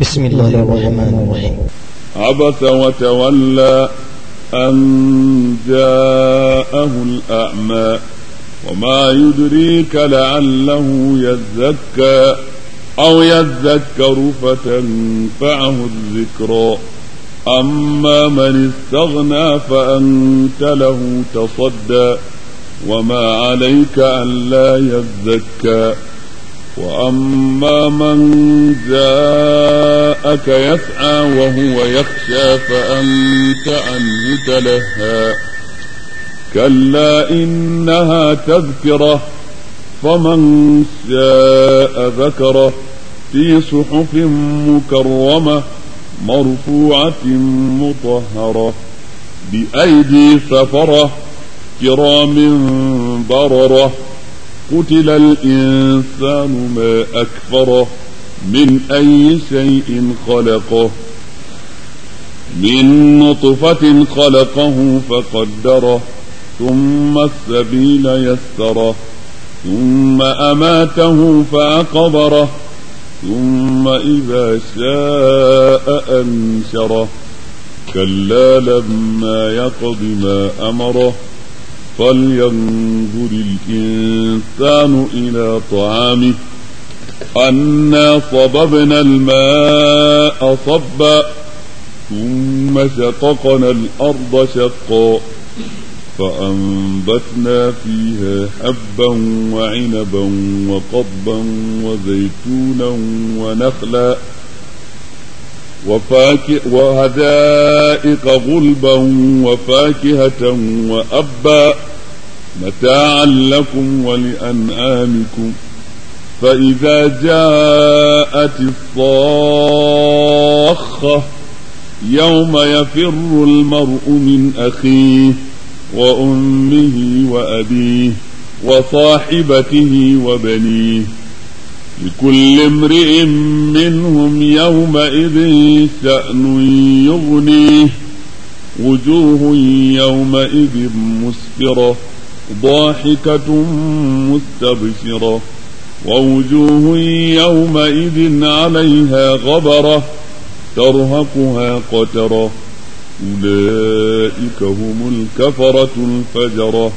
بسم الله الرحمن الرحيم عبس وتولى أن جاءه الأعمى وما يدريك لعله يزكى أو يذكر فتنفعه الذكرى أما من استغنى فأنت له تصدى وما عليك ألا يزكى وأما من جاء جاءك يسعى وهو يخشى فأنت عنه تلهى كلا إنها تذكرة فمن شاء ذكره في صحف مكرمة مرفوعة مطهرة بأيدي سفرة كرام بررة قتل الإنسان ما أكفره من أي شيء خلقه من نطفة خلقه فقدره ثم السبيل يسره ثم أماته فأقبره ثم إذا شاء أنشره كلا لما يقض ما أمره فلينظر الإنسان إلى طعامه أنا صببنا الماء صبا ثم شققنا الأرض شقا فأنبتنا فيها حبا وعنبا وقضبا وزيتونا ونخلا وفاكه وهدائق غلبا وفاكهة وأبا متاعا لكم ولأنعامكم ۖ فإذا جاءت الصاخة يوم يفر المرء من أخيه وأمه وأبيه وصاحبته وبنيه لكل امرئ منهم يومئذ شأن يغنيه وجوه يومئذ مسفرة ضاحكة مستبشرة ووجوه يومئذ عليها غبرة ترهقها قترة أولئك هم الكفرة الفجرة